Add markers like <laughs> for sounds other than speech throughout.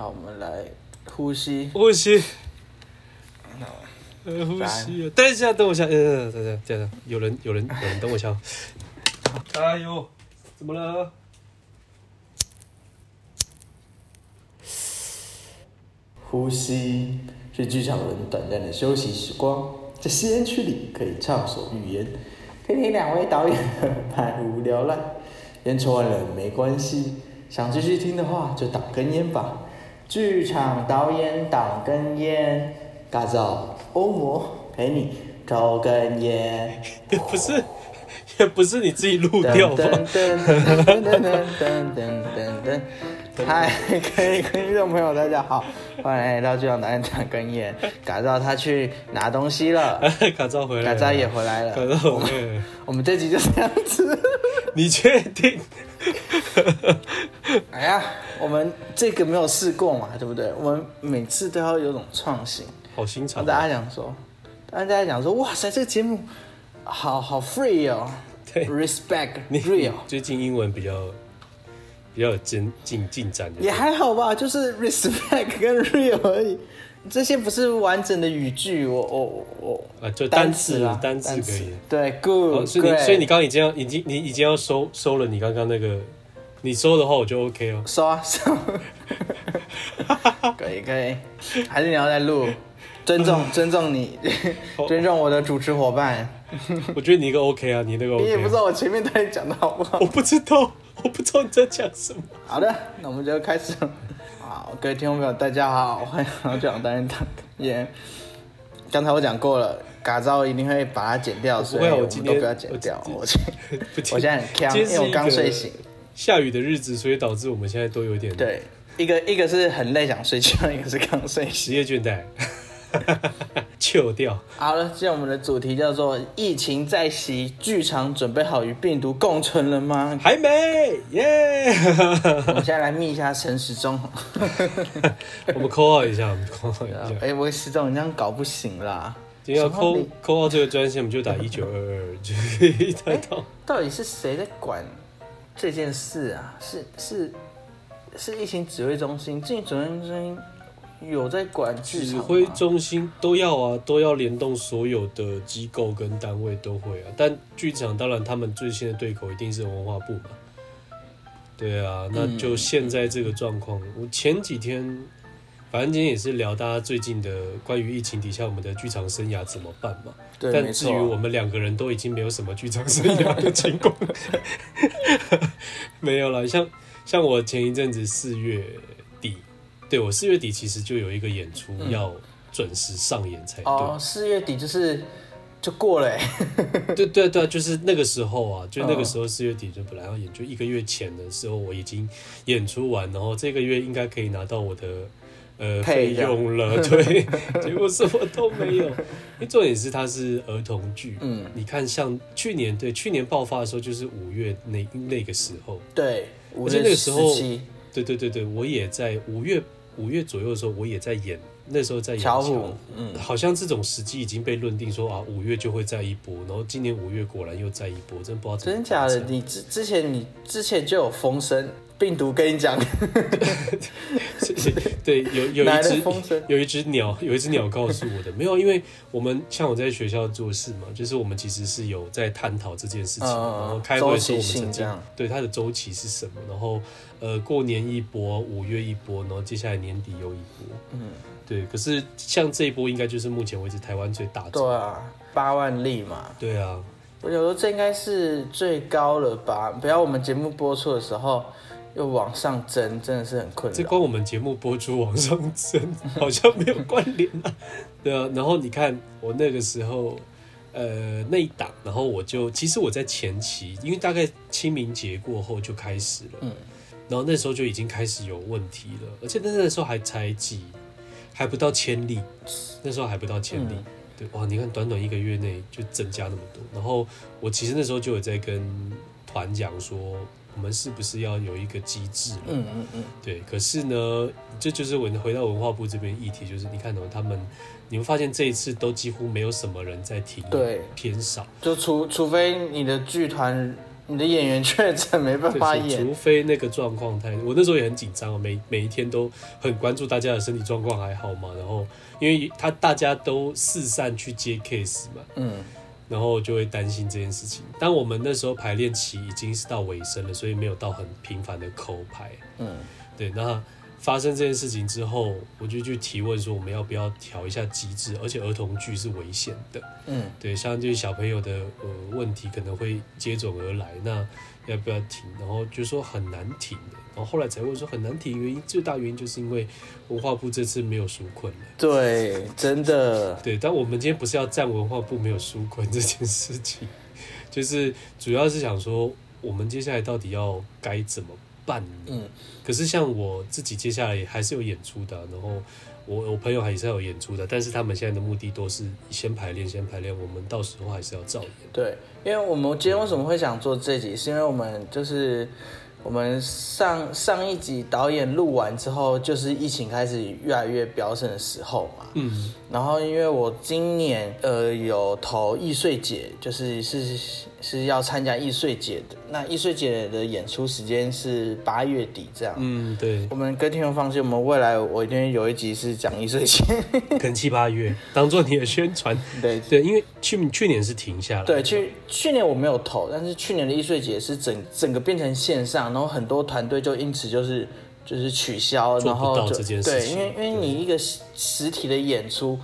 那我們來呼吸，呼吸，嗯、呃，呼吸，等一下，等我下等一下，嗯，這樣這有人，有人，有人，有人等我一下。 <laughs> 哎呦，怎麼了？呼吸是劇場人短暫的休息時光，在吸煙區裡可以暢所欲言。聽聽兩位導演百無聊賴，煙抽完了沒關係，想繼續聽的話就擋根菸吧。劇場導演擋根菸，嘎造歐摩陪你抽根菸，oh. 也不是，也不是你自己錄掉嗎？噔噔噔噔噔噔噔嗨，各位觀眾朋友，大家好，歡迎 <laughs> 來到劇場導演擋根菸，嘎造他去拿東西了，嘎 <laughs> 造回來了，嘎造也回來了，我, <laughs> 我們這集就這樣子，你確定？ <laughs> <laughs> 哎呀，我們這個沒有試過嘛，對不對？我們每次都要有種創新。好新潮喔。跟大家講說，跟大家講說，哇塞，這個節目好好 free 哦喔。對，respect real。你最近英文比較比較有進進進展的。也還好吧，就是 respect 跟 real 而已，這些不是完整的語句，我我我。啊，就單詞啊，單詞可以。對，good。所以所以你剛剛已經要已經你已經要收收了，你剛剛那個。你說的話我就 OK 哦，說、啊、說， <laughs> 可以可以，還是你要再錄，尊重、啊、尊重你、哦，尊重我的主持夥伴。 <laughs> 我覺得你一個 OK 啊，你那個、OK 啊。你也不知道我前面到底講的好不好？我不知道，我不知道你在講什麼。好的，那我們就要開始了。好，各、OK, 位聽眾朋友，大家好，歡迎來到劇場導演擋根菸。剛、 <laughs> yeah、才我講過了，嘎造一定會把它剪掉，所以我們都不要剪掉。我不我，今天我現在很嗆，因為我剛睡醒。下雨的日子，所以導致我們現在都有點累對一個一個是很累想睡覺，一個是剛睡，職 <laughs> 業倦俊怠，臭 <laughs> 掉。好了，今天我們的主題叫做疫情再襲，劇場準備好與病毒共存了嗎？還沒，耶、yeah! <laughs> 我們現在來密一下陳時中， <laughs> <laughs> 我們扣號一下，扣號一下。哎、欸，我時中你這樣搞不行啦，要扣扣號這個專線，我們就打一九二二，就是太痛。到底是誰在管？這件事啊，是是是，是疫情指揮中心，疫情指揮中心有在管制，指揮中心都要啊，都要聯動所有的機構跟單位都會啊。但劇場當然，他們最新的對口一定是文化部嘛。對啊，那就現在這個狀況，嗯、我前幾天。反正今天也是聊大家最近的關於疫情底下我們的劇場生涯怎麼辦嘛。但至於、啊、我們兩個人都已經沒有什麼劇場生涯的成功了， <laughs> 沒有啦。像像我前一陣子四月底，對我四月底其實就有一個演出要準時上演才對、嗯。哦，四月底就是就過了 <laughs> 對。對對對，就是那個時候啊，就那個時候四月底就本來要演，就一個月前的時候我已經演出完，然後這個月應該可以拿到我的。呃，配用了，對， <laughs> 結果什麼都沒有。重點是它是兒童劇，嗯，你看，像去年，對，去年爆發的時候就是五月那那個時候，對，那個五月時候，對對對對，我也在五月五月左右的時候我也在演，那時候在演喬虎，嗯，好像這種時機已經被認定說啊，五月就會再一波，然後今年五月果然又再一波，真不知道真假的，你之之前你之前就有風聲。病毒跟你講，對，有有一隻有一隻鳥，有一隻鳥告訴我的，沒有，因為我們像我在學校做事嘛，就是我們其實是有在探討這件事情，嗯、然後開會說我們曾經這樣對，它的周期是什麼，然後呃，過年一波，五月一波，然後接下來年底又一波，嗯，對，可是像這一波應該就是目前為止台灣最大的，對啊，八萬例嘛，對啊，我覺得這應該是最高了吧？不要我們節目播出的時候。又往上增，真的是很困難。這跟我們節目播出往上增，好像沒有關聯啊。對啊，然後你看我那個時候，呃，那一檔，然後我就其實我在前期，因為大概清明節過後就開始了，嗯、然後那時候就已經開始有問題了，而且那那時候還才幾，還不到千例，那時候還不到千例、嗯。對，哇，你看短短一個月內就增加那麼多，然後我其實那時候就有在跟團講說。我們是不是要有一個機制？嗯嗯嗯，對。可是呢，這就，就是我回到文化部這邊議題，就是你看、哦、他們，你們發現這一次都幾乎沒有什麼人在提，對，偏少。就除除非你的劇團、你的演員確診，沒辦法演。除非那個狀況太……我那時候也很緊張，每每一天都很關注大家的身體狀況還好嘛。然後，因為他大家都四散去接 case 嘛，嗯。然後就會擔心這件事情。但我們那時候排練期已經是到尾聲了，所以沒有到很頻繁的扣排。嗯，對，那。發生這件事情之後，我就去提問說，我們要不要調一下機制，而且兒童劇是危險的，嗯，對，相對小朋友的呃問題可能會接踵而來，那要不要停？然後就說很難停的，然後後來才問說很難停，原因最大原因就是因為文化部這次沒有紓困，對，真的， <laughs> 對，但我們今天不是要讚文化部沒有紓困這件事情，就是主要是想說我們接下來到底要該怎麼。嗯，可是像我自己接下來還是有演出的，然後我我朋友還是還有演出的，但是他們現在的目的都是先排練，先排練。我們到時候還是要照演。對，因為我們今天為什麼會想做這集，是因為我們就是我們上上一集導演錄完之後，就是疫情開始越來越飆升的時候嘛。嗯。然後因為我今年呃有投藝穗節，就是是。是要參加藝穗節的，那藝穗節的演出時間是八月底這樣。嗯，對。我們跟聽眾放心，我們未來我一定有一集是講藝穗節， <laughs> 跟七八月當做你的宣傳。對對，因為去去年是停下了。對，去去年我沒有投，但是去年的藝穗節是整整個變成線上，然後很多團隊就因此就是就是取消，然後就做不到這件事對，因為因為你一個實體的演出，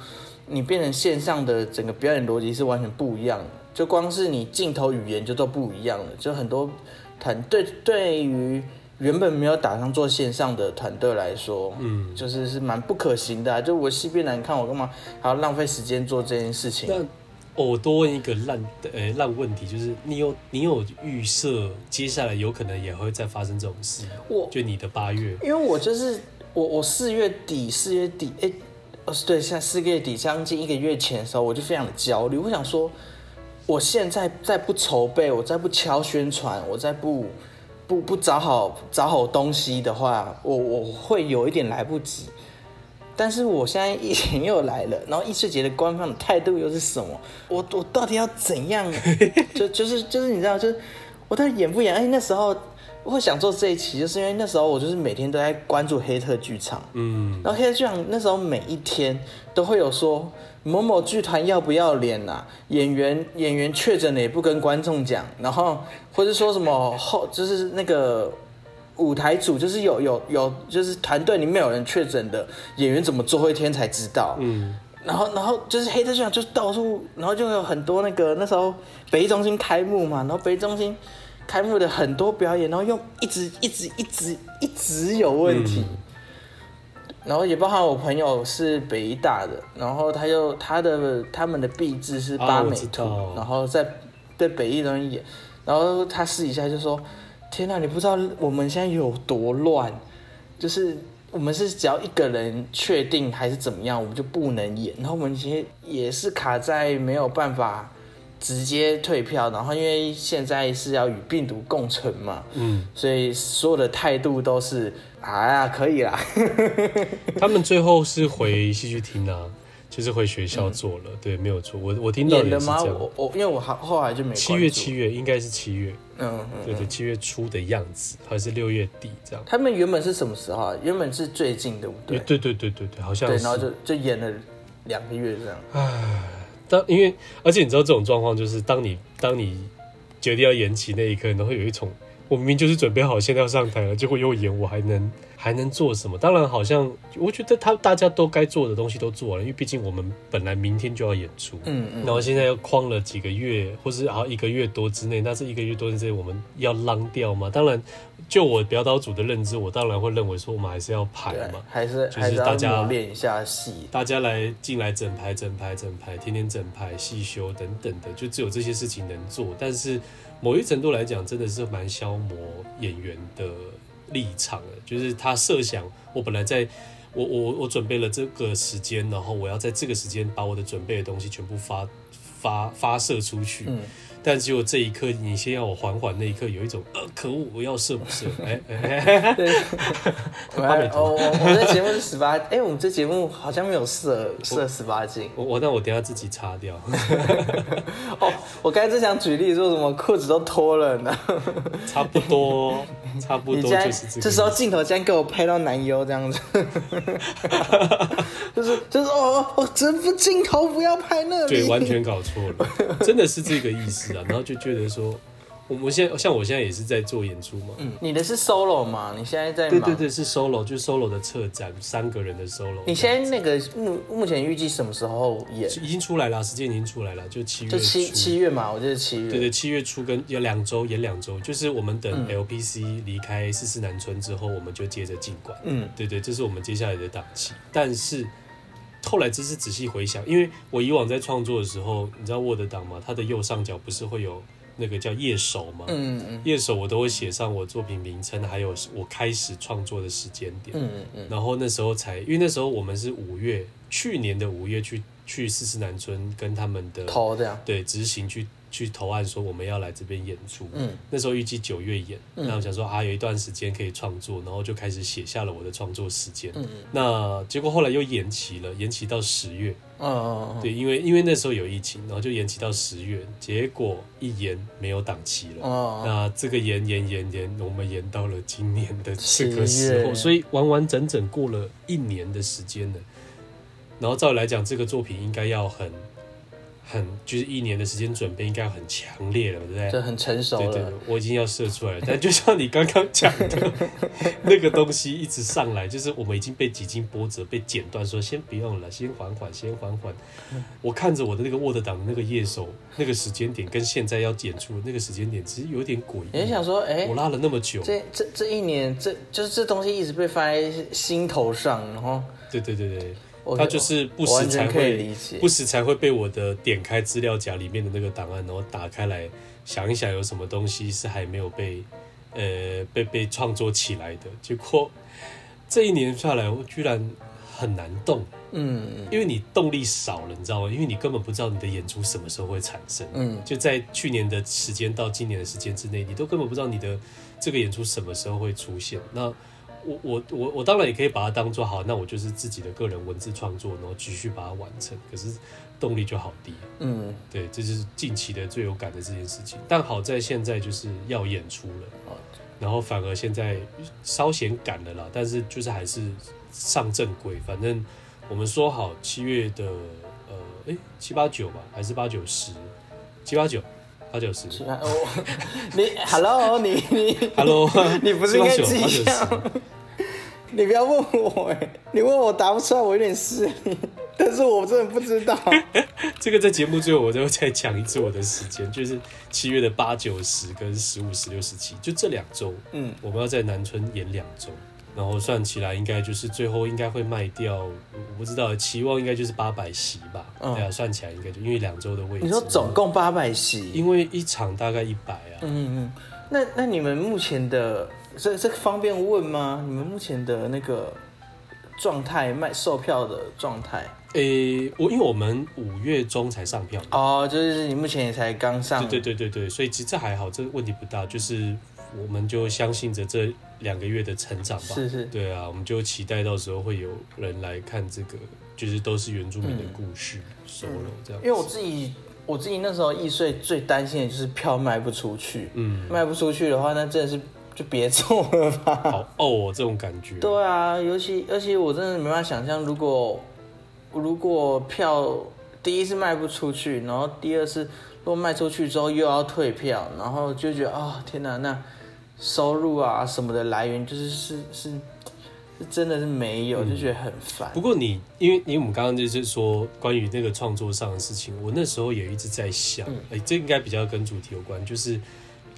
你變成線上的整個表演邏輯是完全不一樣的。就光是你鏡頭語言就都不一樣了，就很多團隊對於原本沒有打算做線上的團隊來說，嗯，就是是蠻不可行的啊。就我西邊男，看我幹嘛還要浪費時間做這件事情？那我多問一個爛呃爛問題，就是你有你有預設接下來有可能也會再發生這種事？我就你的八月，因為我就是我我四月底四月底哎哦、欸、對，現在四月底將近一個月前的時候，我就非常的焦慮，我想說。我現在再不籌備，我再不敲宣傳，我再不不不找好找好東西的話，我我會有一點來不及。但是我現在疫情又來了，然後藝穗節的官方的態度又是什麼？我我到底要怎樣？ <laughs> 就就是就是你知道，就是我到底演不演？哎，那時候。我會想做這一期，就是因為那時候我就是每天都在關注黑特劇場，嗯，然後黑特劇場那時候每一天都會有說某某劇團要不要臉啊，演員演員確診了也不跟觀眾講，然後或者說什麼後就是那個舞台組就是有有有就是團隊裡面有人確診的演員怎麼最後一天才知道，嗯，然後然後就是黑特劇場就是到處，然後就有很多那個那時候北藝中心開幕嘛，然後北藝中心。開幕的很多表演，然後又一直一直一直一直有問題，嗯、然後也包含我朋友是北藝大的，然後他又他的他們的畢製是八美圖，然後在在北藝中心演，然後他私底下就說：“天哪，你不知道我們現在有多亂，就是我們是只要一個人確定還是怎麼樣，我們就不能演，然後我們其實也是卡在沒有辦法。”直接退票，然後因為現在是要與病毒共存嘛，嗯，所以所有的態度都是，哎、啊、呀，可以啦。 <laughs> 他們最後是回戲劇廳啊，就是回學校做了，嗯、對，沒有錯。我我聽到也是這樣。演了嗎？我我因為我後後來就沒。七月七月應該是七月，嗯，嗯對對，對、嗯，七月初的樣子，還是六月底這樣。他們原本是什麼時候、啊？原本是最近的，對、欸、對，對對對對對，好像是。對，然後就就演了兩個月這樣。唉。但，因為，而且你知道這種狀況，就是當你當你決定要延期那一刻，你都會有一種。我明明就是準備好現在，要上台了，結果又演，我還能還能做什麼？當然，好像我覺得他大家都該做的東西都做完了，因為畢竟我們本來明天就要演出，嗯嗯，然後現在又框了幾個月，或是然後一個月多之內，那、嗯、是一個月多之內我們要浪掉嗎？當然，就我表導組的認知，我當然會認為說，我們還是要排嘛，還是就是大家練一下戲，大家來進來整排，整排、整排、整排，天天整排，細修等等的，就只有這些事情能做，但是。某一程度來講，真的是蠻消磨演員的立場的，就是他設想我本來在，我我我準備了這個時間，然後我要在這個時間把我的準備的東西全部發發發射出去。嗯。但只有這一刻，你先要我緩緩。那一刻有一種，呃，可惡，我要射，不射。不、欸、設？哎、欸，對，畫面圖。我們的節目是十八，哎，我們這節目好像沒有射。射十八禁，我我那我等下自己擦掉。 <laughs> 哦，我剛才正想舉例說什麼褲子都脫了呢？差不多。差不多就是這個。這時候鏡頭竟然給我拍到男優這樣子、 <laughs> <laughs> 就是，就是就是哦，這部鏡頭不要拍那裡，對，完全搞錯了， <laughs> 真的是這個意思啊。然後就覺得說。我我現在像我現在也是在做演出嘛，嗯，你的是 solo 嘛？你現在在對對對是 solo，就 solo 的策展，三個人的 solo。你現在那個目目前預計什麼時候演？已經出來了，時間已經出來了，就七月就七七月嘛，我就是七月。對對，對，七月初跟有兩周，演兩周，就是我們等 LPC 離開四四南村之後，嗯、我們就接着進館。嗯，對對，對，這、就是我們接下來的檔期。但是後來只是仔細回想，因為我以往在創作的時候，你知道 Word 檔嘛？它的右上角不是會有？那個叫夜首嘛、嗯嗯，夜首我都會寫上我作品名稱，還有我開始創作的時間點、嗯嗯。然後那時候才，因為那時候我們是五月，去年的五月去去四四南村跟他們的，對，執行去。去投案說我們要來這邊演出，嗯，那時候預計九月演，嗯、那我想說啊有一段時間可以創作，然後就開始寫下了我的創作時間，嗯。那結果後來又延期了，延期到十月。哦，哦哦哦。對，因為因為那時候有疫情，然後就延期到十月。結果一延沒有檔期了。哦，哦，哦。那這個延延延延，我們延到了今年的這個時候，月所以完完整整過了一年的時間了。然後照理來講，這個作品應該要很。很就是一年的時間準備應該很強烈了，對不對？這很成熟了。對對、對，我已經要射出來了。 <laughs> 但就像你剛剛講的， <laughs> 那個東西一直上來，就是我們已經被幾經波折被剪斷，說先不用了，先緩緩，先緩緩。 <laughs> 我看着我的那個 Word 檔的那個頁數，那個時間點跟現在要剪出的那個時間點，其實有點詭異。也想說，哎、欸，我拉了那麼久，這這這一年，這就是這東西一直被放在心頭上，然後。對對對對。Okay, 他就是不時才會完全可以理解。不時才會被我的點開資料夾裡面的那個檔案，然後打開來想一想有什麼東西是還沒有被，呃被被創作起來的。結果這一年下來，我居然很難動，嗯，因為你動力少了，你知道嗎？因為你根本不知道你的演出什麼時候會產生，嗯，就在去年的時間到今年的時間之內，你都根本不知道你的這個演出什麼時候會出現，那。我我我我當然也可以把它當做好，那我就是自己的個人文字創作，然後繼續把它完成。可是動力就好低。嗯，對，這就是近期的最有感的這件事情。但好在現在就是要演出了，嗯、然後反而現在稍顯趕了啦。但是就是還是上正規，反正我們說好七月的呃，哎七八九吧，還是八九十？七八九，八九十。你 Hello，你你 Hello，你不是應該是八九十？8, 9, 9, 你不要問我哎，你問我答不出來，我有點失禮。但是我真的不知道。 <laughs> 這個在節目最後，我再再講一次我的時間，就是七月的八九十跟十五十六十七，17，就這兩周，嗯，我們要在南村演兩周，然後算起來應該就是最後應該會賣掉，我不知道，期望應該就是八百席吧，哦。對啊，算起來應該就因為兩周的位置。你說總共八百席？因為一場大概一百啊。嗯嗯，那那你們目前的。這這個方便問嗎？你們目前的那個狀態，賣售票的狀態？誒、欸，我因為我們五月中才上票哦，就是你目前也才剛上，對對對對，所以其實這還好，這問題不大，就是我們就相信着這兩個月的成長吧，是是，對啊，我們就期待到時候會有人來看這個，就是都是原住民的故事，收、嗯、solo 這樣、嗯，因為我自己，我自己那時候易碎最擔心的就是票賣不出去，嗯，賣不出去的話，那真的是。就別做了吧，好哦，這種感覺。對啊，尤其尤其我真的沒辦法想象如果如果票第一次賣不出去，然後第二次如果賣出去之後又要退票，然後就覺得啊、哦，天哪，那收入啊什麼的來源就是是是是真的是沒有，嗯、就覺得很煩。不過你因為因為我們剛剛就是說關於那個創作上的事情，我那時候也一直在想，哎、嗯欸，這應該比較跟主題有關，就是。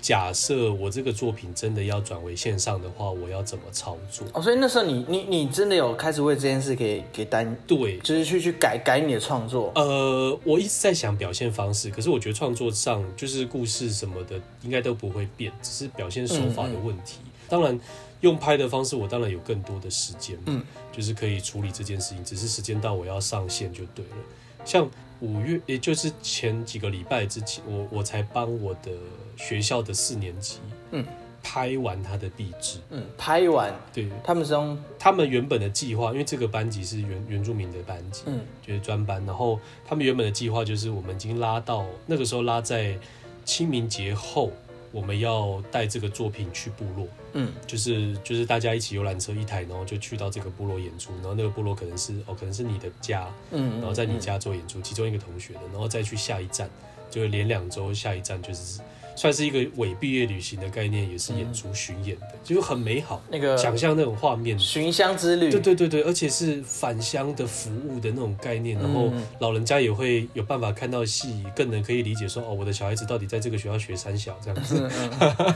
假設我這個作品真的要轉為線上的話，我要怎麼操作？哦，所以那時候你你你真的有開始為這件事給給擔？對，就是去去改改你的創作。呃，我一直在想表現方式，可是我覺得創作上就是故事什麼的應該都不會變，只是表現手法的問題。嗯嗯當然，用拍的方式，我當然有更多的時間，嗯，就是可以處理這件事情。只是時間到我要上線就對了，像，五月，也就是前幾個禮拜之前，我我才幫我的學校的四年級，嗯，拍完他的畢製，嗯，拍完，對。他們從他們原本的計劃，因為這個班級是原原住民的班級，嗯，就是專班，然後他們原本的計劃就是我們已經拉到那個時候拉在清明節後。我們要帶這個作品去部落，嗯，就是就是大家一起遊覽車一台，然後就去到這個部落演出，然後那個部落可能是哦，可能是你的家，嗯，嗯，嗯，然後在你家做演出，其中一個同學的，然後再去下一站，就連兩周，下一站就是。算是一個偽畢業旅行的概念，也是演出巡演的。嗯、就是很美好。那個想象那種畫面，巡鄉之旅。對對對對，而且是返鄉的服務的那種概念，嗯，然後老人家也會有辦法看到戲，更能可以理解說哦，我的小孩子到底在這個學校學三小這樣子。嗯、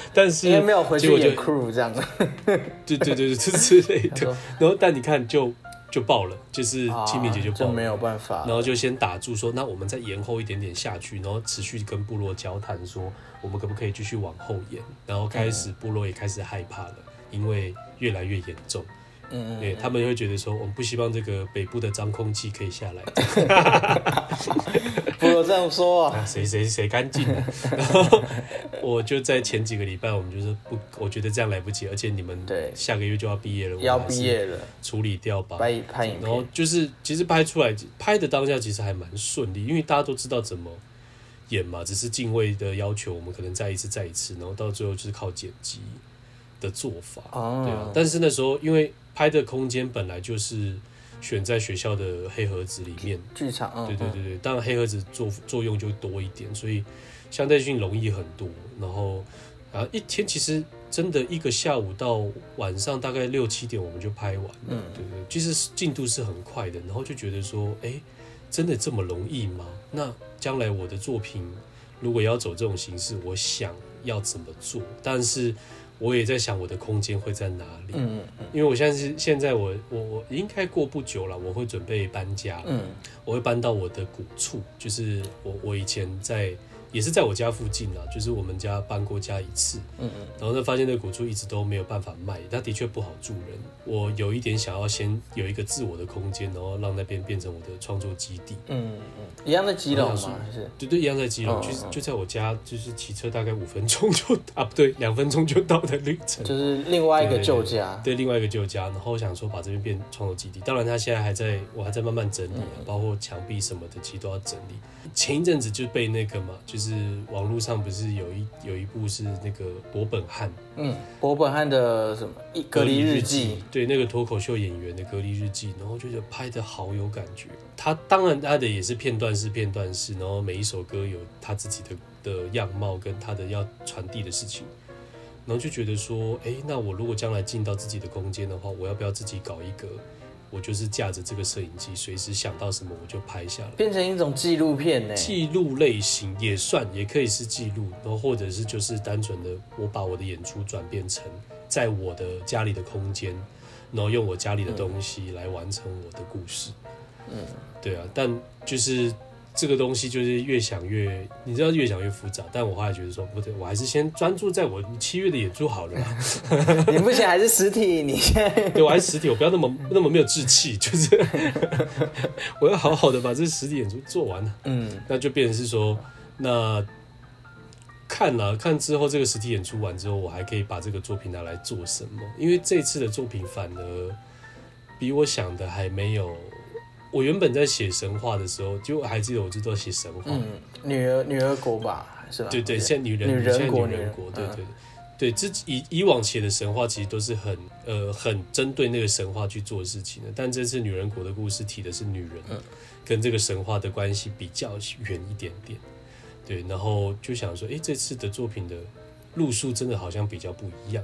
<laughs> 但是沒有回去就演哭這樣子。對對對對，之之類的。然後但你看就。就爆了，就是清明節就爆了，啊、就沒有辦法。然後就先打住說，說那我們再延後一點點下去，然後持續跟部落交談，說我們可不可以繼續往後延？然後開始部落也開始害怕了，嗯、因為越來越嚴重。嗯，對他們會覺得說，我們不希望這個北部的髒空氣可以下來。 <laughs> <laughs> 不要這樣說啊，啊誰誰誰乾淨？然後我就在前幾個禮拜，我們就是不，我覺得這樣來不及，而且你們下個月就要畢業了，我們要畢業了，處理掉吧。拍，然後就是其實拍出來拍的當下其實還蠻順利，因為大家都知道怎麼演嘛，只是敬畏的要求，我們可能再一次再一次，然後到最後就是靠剪輯的做法。哦，對啊，但是那時候因為。拍的空間本來就是選在學校的黑盒子裡面，劇場、嗯。對對對對，當然黑盒子作作用就多一點，所以相對性容易很多。然後啊，然後一天其實真的一個下午到晚上大概六七點我們就拍完了，對、嗯、對，其實進度是很快的。然後就覺得說，哎、欸，真的這麼容易嗎？那將來我的作品如果要走這種形式，我想要怎麼做？但是。我也在想我的空間會在哪裡，嗯嗯嗯，因為我現在是現在我我我應該過不久了，我會準備搬家，嗯，我會搬到我的古厝，就是我我以前在。也是在我家附近啊，就是我們家搬過家一次，嗯嗯，然後呢，發現那古厝一直都沒有辦法賣，它的確不好住人。我有一點想要先有一個自我的空間，然後讓那邊變成我的創作基地。嗯嗯，一樣的肌肉嘛，嗯嗯、還是，對對，一樣的肌肉。就就在我家，就是騎車大概五分鐘就，啊不對，兩分鐘就到的旅程，就是另外一個舊家，對，對對另外一個舊家。然後我想說把這邊變創作基地，當然他現在還在，我還在慢慢整理、啊，嗯嗯，包括牆壁什麼的，其實都要整理。前一陣子就被那個嘛，就是。是網絡上不是有一有一部是那個伯本漢，嗯，伯本漢的什麼隔離日，日記，對，那個脫口秀演員的隔離日記，然後就拍得好有感覺。他當然他的也是片段式片段式，然後每一首歌有他自己的的樣貌跟他的要傳遞的事情，然後就覺得說，哎、欸，那我如果將來進到自己的空間的話，我要不要自己搞一個？我就是架着這個攝影機，隨時想到什麼我就拍下來，變成一種紀錄片呢、欸？記錄類型也算，也可以是記錄，然後或者是就是單純的我把我的演出轉變成在我的家裡的空間，然後用我家裡的東西來完成我的故事。嗯，對啊，但就是。這個東西就是越想越，你知道越想越複雜。但我後來覺得說，不對，我還是先專注在我七月的演出好了吧。 <laughs> 你不行還是實體？你先？對，我還是實體。我不要那麼那麼沒有志氣，就是 <laughs> 我要好好的把這實體演出做完了。嗯，那就變成是說，那看了看之後，這個實體演出完之後，我還可以把這個作品拿來做什麼？因為這次的作品反而比我想的還沒有。我原本在寫神話的時候，就還記得我最多寫神話，嗯、女兒女兒國吧，是吧？對對、對，像女人女人國女人國女人、嗯，對對對，這以以往寫的神話其實都是很呃很針對那個神話去做事情的，但這次女人國的故事提的是女人，跟這個神話的關係比較遠一點點、嗯，對，然後就想說，誒、欸，這次的作品的路數真的好像比較不一樣。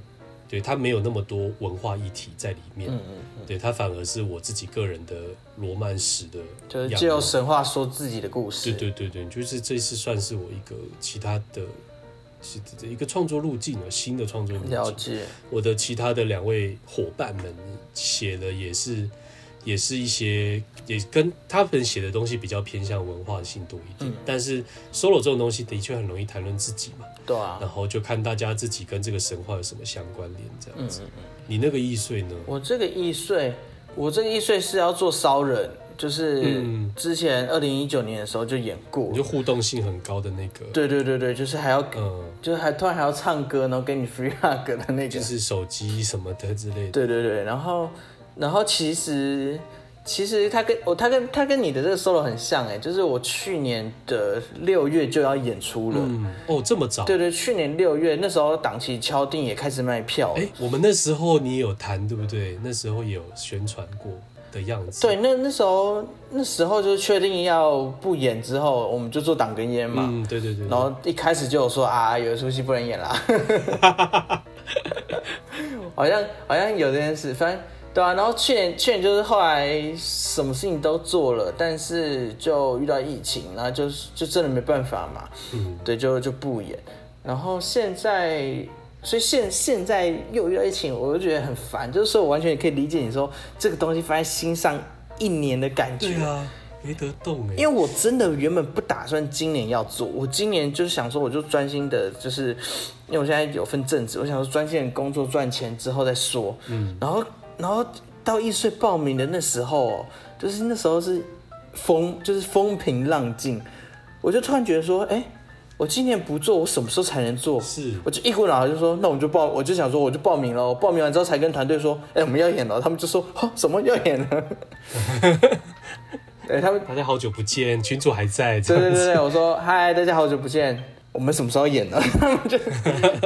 對，他沒有那麼多文化議題在裡面，嗯嗯嗯，對他反而是我自己個人的羅曼史的，就是借由神話說自己的故事。對對對，對就是這次算是我一個其他的，一個創作路徑啊，新的創作路徑。了解。我的其他的兩位夥伴們寫的也是，也是一些也跟他們寫的東西比較偏向文化性多一點、嗯，但是 solo 這種東西的確很容易談論自己嘛。對啊，然後就看大家自己跟這個神話有什麼相關聯這樣子。嗯、你那個易碎呢？我這個易碎，我這個易碎是要做燒人，就是之前二零一九年的時候就演過，你就互動性很高的那個。對對對對，就是還要，嗯、就還突然還要唱歌，然後給你 free hug 的那個，就是手機什麼的之類的。對對對，然後，然後其實。其實他跟他跟他跟你的這個 solo 很像哎，就是我去年的六月就要演出了，嗯，哦，這麼早？對對，去年六月那時候檔期敲定也開始賣票了哎，欸，我們那時候你有談對不對？那時候有宣傳過的樣子。對，那那時候那時候就是確定要不演之後，我們就做擋根煙嘛。嗯，對，對對對。然後一開始就有說啊，有一出戲不能演了， <laughs> <laughs> <laughs> <laughs> 好像好像有這件事，反正。對啊，然後去年去年就是後來什麼事情都做了，但是就遇到疫情，然後就就真的沒辦法嘛。嗯，對，就就不演。然後現在，所以現現在又遇到疫情，我就覺得很煩。就是說，我完全也可以理解你說這個東西放在心上一年的感覺。對啊，沒得動，欸。因為我真的原本不打算今年要做，我今年就是想說，我就專心的，就是因為我現在有份正職，我想說專心的工作賺錢之後再說。嗯，然後。然後到一歲報名的那時候，就是那時候是風，就是風平浪靜。我就突然覺得說，哎，我今年不做，我什麼時候才能做？是，我就一股腦就說，那我們就報，我就想說，我就報名了。我報名完之後才跟團隊說，哎，我們要演了。他們就說，哈、哦，什麼要演了？ <laughs> 」哎，他們大家好久不見，群組還在這。對對對對，我說嗨，大家好久不見。我們什麼時候演呢？ <laughs> 他們就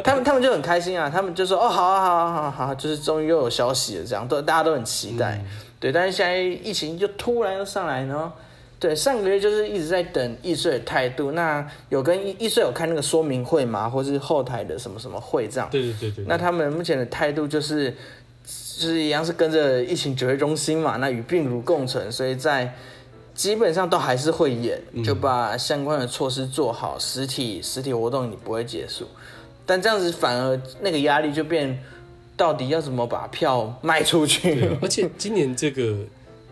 他們他們就很開心啊！他們就說：“哦，好、啊、好、啊、好、啊、好好、啊！”就是終於又有消息了，這樣都大家都很期待、嗯。對，但是現在疫情就突然又上來呢。對，上個月就是一直在等藝穗的態度。那有跟藝藝穗有開那個說明會嘛？或是後台的什麼什麼會這樣？對對對對，對。那他們目前的態度就是就是一樣是跟着疫情指揮中心嘛？那與病毒共存，所以在。基本上都還是會演，就把相關的措施做好，嗯、實體實體活動你不會結束，但這樣子反而那個壓力就變，到底要怎麼把票賣出去？啊、 <laughs> 而且今年這個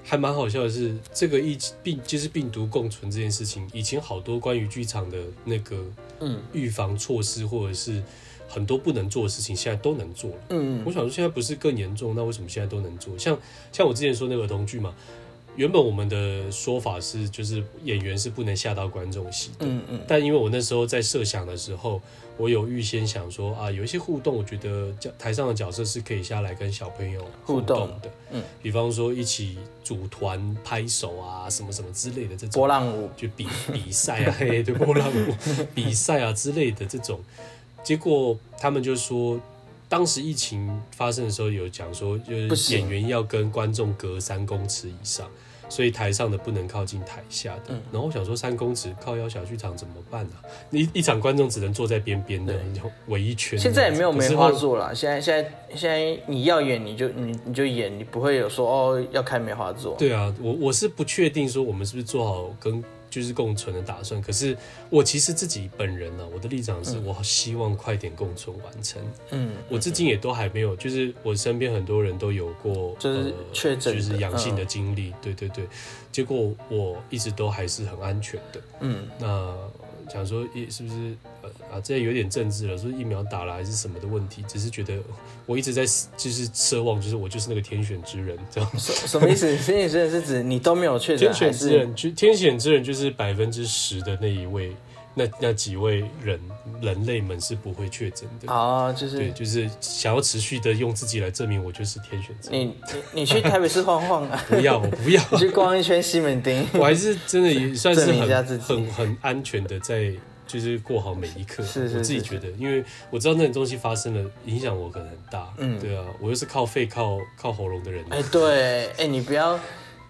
還蠻好笑的是，這個疫病就是病毒共存這件事情，以前好多關於劇場的那個嗯預防措施，或者是很多不能做的事情，現在都能做。嗯，我想說現在不是更嚴重，那為什麼現在都能做？像像我之前說那個兒童劇嘛。原本我們的說法是，就是演員是不能下到觀眾席的。嗯嗯。但因為我那時候在設想的時候，我有預先想說啊，有一些互動，我覺得台上的角色是可以下來跟小朋友互動的。動嗯。比方說一起組團拍手啊，什麼什麼之類的這種。波浪舞。就比比賽啊， <laughs> 嘿嘿，對波浪舞 <laughs> 比賽啊之類的這種，結果他們就說。當時疫情發生的時候，有講說就是演員要跟觀眾隔三公尺以上，所以台上的不能靠近台下的。嗯、然後我想說，三公尺靠腰小劇場怎麼辦呢？啊？一一場觀眾只能坐在邊邊的，圍一圈。現在也沒有梅花座了。現在現在現在你要演你就你你就演，你不會有說哦要開梅花座。對啊，我我是不確定說我們是不是做好跟。就是共存的打算，可是我其實自己本人呢、啊，我的立場是我希望快點共存完成。嗯，我至今也都還沒有，嗯、就是我身邊很多人都有過就是確診，就是陽、呃就是、性的經歷、嗯，對對對，結果我一直都還是很安全的。嗯，那想說一是不是？啊，這有點政治了，說疫苗打了還是什麼的問題，只是覺得我一直在就是奢望，就是我就是那個天選之人，這樣什什麼意思？天選之人是指你都沒有確診，天選之人，天選之人就是百分之十的那一位，那那幾位人人類們是不會確診的啊，oh, 就是對，就是想要持續的用自己來證明我就是天選之人。之你你去台北市晃晃啊？ <laughs> 不要，我不要， <laughs> 你去逛一圈西門町，我還是真的也算是很證明一下自己很，很安全的在。就是過好每一刻。啊，是是是是我自己覺得，是是是因為我知道那種東西發生了，影響我可能很大。嗯，對啊，我又是靠肺靠，靠靠喉嚨的人。啊。哎、欸，對，哎、欸，你不要，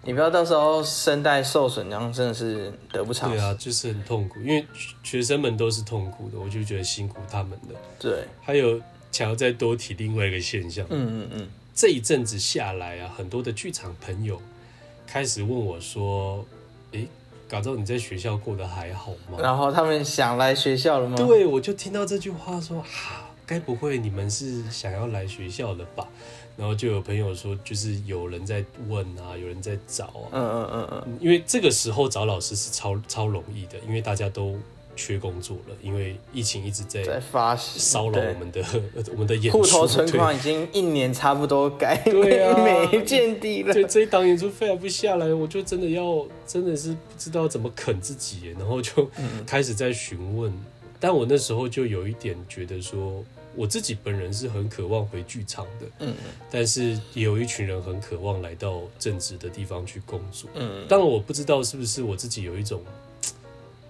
你不要到時候聲帶受損，然後，真的是得不償。對啊，就是很痛苦，因為學生們都是痛苦的，我就覺得辛苦他們了。對，還有想要再多提另外一個現象。嗯嗯嗯，這一陣子下來啊，很多的劇場朋友開始問我說：“誒、欸。”嘎造，你在學校過得還好嗎？然後他們想來學校了嗎？對，我就聽到這句話說，哈，該不會，你們是想要來學校的吧？然後就有朋友說，就是有人在問啊，有人在找啊。嗯嗯嗯嗯，因為這個時候找老師是超超容易的，因為大家都。缺工作了，因為疫情一直在在發燒了我們的、呃、我們的演出，戶頭存款已經一年差不多改、啊、 <laughs> 沒見底了。對，對這一檔演出費還不下來，我就真的要真的是不知道怎麼啃自己，然後就開始在詢問、嗯。但我那時候就有一點覺得說，我自己本人是很渴望回劇場的，嗯，但是也有一群人很渴望來到正職的地方去工作，嗯，當然我不知道是不是我自己有一種。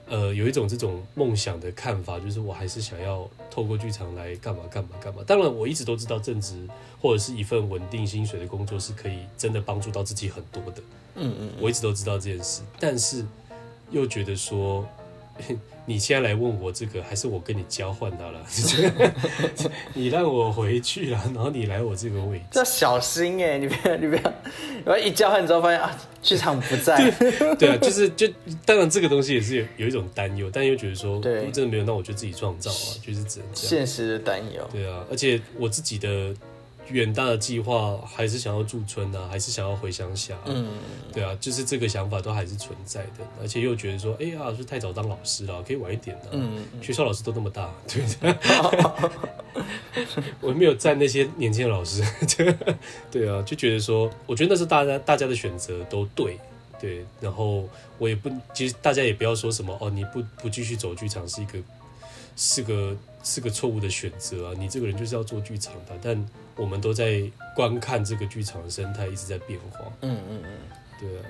呃，有一種這種夢想的看法，就是我還是想要透過劇場來幹嘛幹嘛幹嘛。當然，我一直都知道，正職或者是一份穩定薪水的工作是可以真的幫助到自己很多的。嗯嗯，嗯，我一直都知道這件事，但是又覺得說。呵呵。你現在來問我這個，還是我跟你交換到了？ <laughs> 你讓我回去了，然後你來我這個位置，要小心哎！你別你別，然後一交換之後發現啊，劇場不在 <laughs> 對。對啊，就是就當然這個東西也是有有一種擔憂，但又覺得說，如果真的沒有，那我就自己創造啊，就是只能這樣。現實的擔憂。對啊，而且我自己的。遠大的計劃還是想要駐村吶、啊，還是想要回鄉下、啊，嗯，對啊，就是這個想法都還是存在的，而且又覺得說，哎、欸、呀、啊，是太早當老師了，可以晚一點的、嗯嗯，學校老師都那麼大，對不對？哦、 <laughs> <laughs> <laughs> 我沒有贊那些年輕的老師， <laughs> 對啊，就覺得說，我覺得那是大家大家的選擇都對，對，然後我也不，其實大家也不要說什麼哦，你不不繼續走劇場是一個是個是個錯誤的選擇啊，你這個人就是要做劇場的，但。我們都在觀看這個劇場的生態一直在變化。嗯嗯嗯，對啊。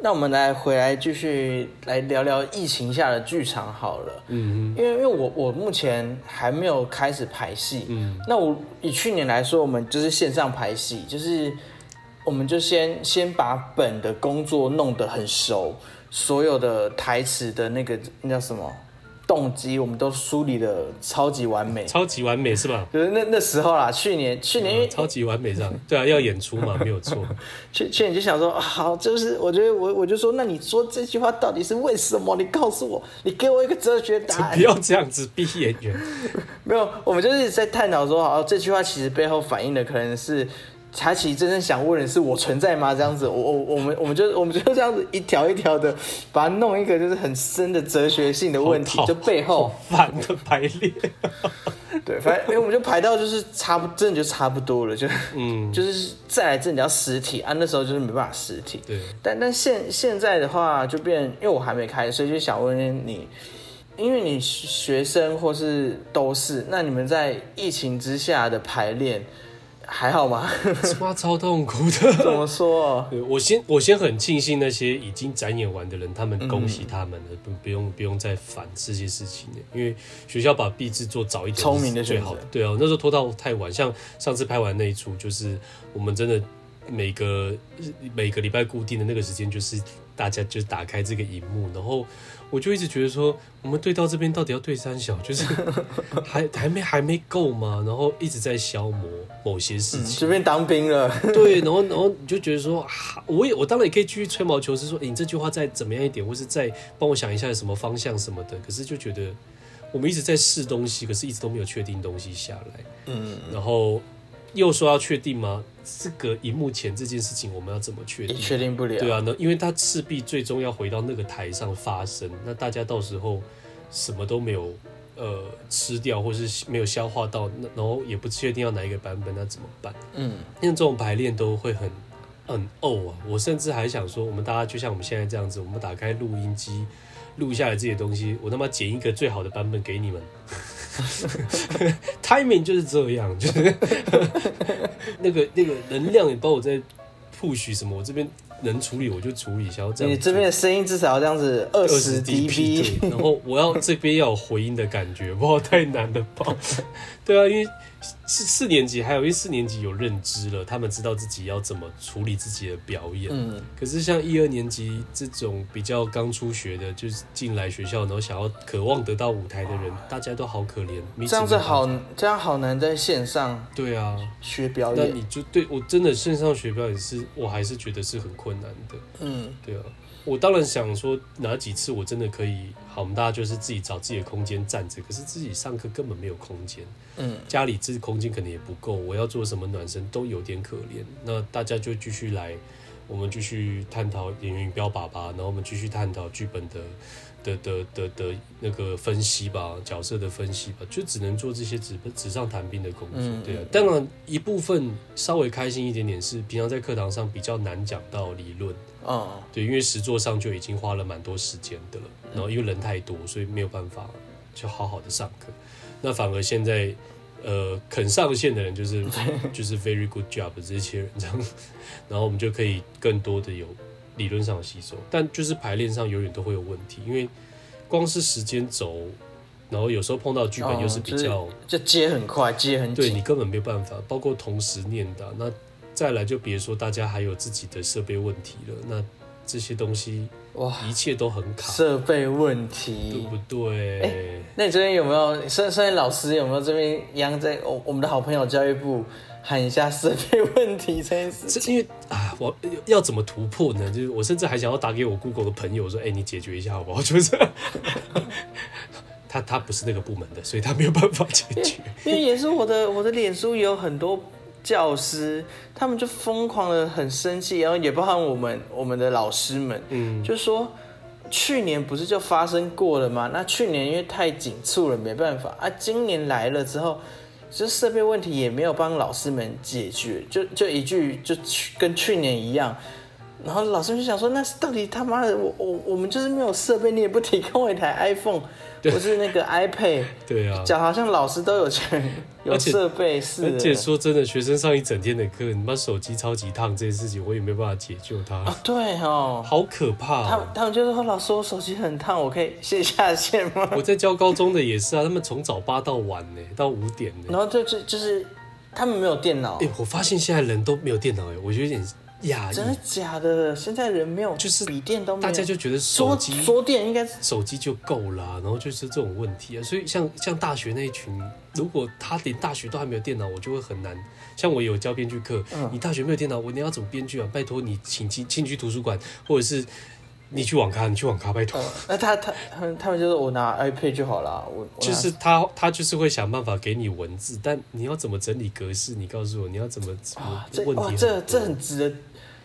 那我們來回來繼續來聊聊疫情下的劇場好了。嗯嗯。因為因為我我目前還沒有開始排戲。嗯。那我以去年來說，我們就是線上排戲，就是我們就先先把本的工作弄得很熟，所有的台詞的那個那叫什麼？動機我們都梳理的超級完美，超級完美是吧？就是那那時候啦，去年去年、嗯、超級完美這樣，對啊， <laughs> 要演出嘛，沒有錯。去去年就想說，好，就是我覺得我我就說，那你說這句話到底是為什麼？你告訴我，你給我一個哲學答案。你不要這樣子，逼演員。 <laughs> 沒有，我們就是在探討說，好，這句話其實背後反映的可能是。才起真正想問的是我存在嗎？這樣子，我我我們我們就我們就這樣子一條一條的把它弄一個就是很深的哲學性的問題，就背後反的排練。 <laughs> 對，反正因為我們就排到就是差不真的就差不多了，就嗯，就是再來真的要實體啊，那時候就是沒辦法實體。對，但但現現在的話就變，因為我還沒開，所以就想問問你，因為你學生或是都是，那你們在疫情之下的排練。還好嗎？媽超痛苦的。怎麼說？ <laughs> 我先我先很慶幸那些已經展演完的人，他們恭喜他們了，嗯嗯，不不用不用再煩這些事情了。因為學校把畢製做早一點是最好的，聰明的。對啊，那時候拖到太晚，像上次拍完那一齣，就是我們真的。每個每個禮拜固定的那個時間，就是大家就打開這個熒幕，然後我就一直覺得說，我們對到這邊到底要對三小，就是還還沒還沒夠嗎？然後一直在消磨某些事情，嗯、順便當兵了。對，然後然後你就覺得說我也我當然也可以去吹毛求疵，說、欸、你這句話再怎麼樣一點，或是再幫我想一下有什麼方向什麼的。可是就覺得我們一直在試東西，可是一直都沒有確定東西下來。嗯，然後。又說要確定嗎？這個熒幕前這件事情我們要怎麼確定？確定不了。對啊，那因為它勢必最終要回到那個台上發生。那大家到時候什麼都沒有，呃，吃掉或是沒有消化到，那然後也不確定要哪一個版本，那怎麼辦？嗯，因為這種排練都會很很哦啊。我甚至還想說，我們大家就像我們現在這樣子，我們打開錄音機錄下來這些東西，我他媽剪一個最好的版本給你們。 <laughs> <laughs> timing 就是這樣，就是那個那個能量，也幫我在 push 什麼。我這邊能處理，我就處理一下。這樣，你這邊的聲音至少要這樣子二十 dB，然後我要這邊要有回音的感覺， <laughs> 不知道太難了吧？對啊，因為。四、四年級，還有一四年級有認知了，他們知道自己要怎麼處理自己的表演。嗯，可是像一二年級這種比較剛初學的，就是進來學校，然後想要渴望得到舞台的人，大家都好可憐。這樣子好，這樣好難在線上。對啊，學表演。那你就對我真的線上學表演是，是我還是覺得是很困難的。嗯，對啊。我當然想說，哪幾次我真的可以好，我們大家就是自己找自己的空間站着，可是自己上課根本沒有空間，嗯，家裡這空間可能也不夠，我要做什麼暖身都有點可憐。那大家就繼續來，我們繼續探討演員標爸爸，然後我們繼續探討劇本的的的的的那個分析吧，角色的分析吧，就只能做這些紙紙上談兵的工作，對啊。當然一部分稍微開心一點點是平常在課堂上比較難講到理論。哦、oh.，對，因為實作上就已經花了蠻多時間的了，然後因為人太多，所以沒有辦法就好好的上課。那反而現在，呃，肯上線的人就是就是 very good job 這些人這樣，然後我們就可以更多的有理論上的吸收。但就是排練上永遠都會有問題，因為光是時間軸，然後有時候碰到劇本又是比較，oh, 就是、就接很快接很久對，你根本沒有辦法，包括同時念的那。再來就別說大家還有自己的設備問題了，那這些東西哇，一切都很卡。設備問題，對不對？欸、那你這邊有沒有？上上面老師有沒有這邊央在？我我們的好朋友教育部喊一下設備問題真是。是因為啊，我要怎麼突破呢？就是我甚至還想要打給我 Google 的朋友說，哎、欸，你解決一下好不好？就是呵呵他他不是那個部門的，所以他沒有辦法解決。因為，因為也是我的我的臉書也有很多。教師他們就瘋狂的很生氣，然後也包含我們我們的老師們，嗯，就說去年不是就發生過了嗎？那去年因為太緊促了，沒辦法啊。今年來了之後，就設備問題也沒有幫老師們解決，就就一句就跟去年一樣。然後老師們就想說，那到底他媽的，我我我們就是沒有設備，你也不提供我一台 iPhone。不 <laughs> 是那個 iPad，對啊，講好像老師都有錢 <laughs> 有設備，是。而且說真的，學生上一整天的課，你把手機超級燙，這件事情我也沒辦法解救他啊、哦。對哦，好可怕、哦。他他們就是說，老師，我手機很燙，我可以卸下線嗎？我在教高中的也是啊，他們從早八到晚呢，到五點呢。 <laughs> 然後就就就是，他們沒有電腦。哎、欸，我發現現在人都沒有電腦耶，我覺得有點。呀，真的假的，現在人沒有，沒有，就是筆電都大家就覺得手機、說說電應該手機就夠了，然後就是這種問題啊。所以像像大學那一群，如果他連大學都還沒有電腦，我就會很難。像我有教編劇課，你大學沒有電腦，我你要怎麼編劇啊？拜托你請，請進進去圖書館，或者是你去網咖，你去網咖拜托、嗯。那他他他他們就是我拿 iPad 就好了，我，我就是他他就是會想辦法給你文字，但你要怎麼整理格式？你告訴我，你要怎麼，怎麼問題，啊、這、哦、這這很值得。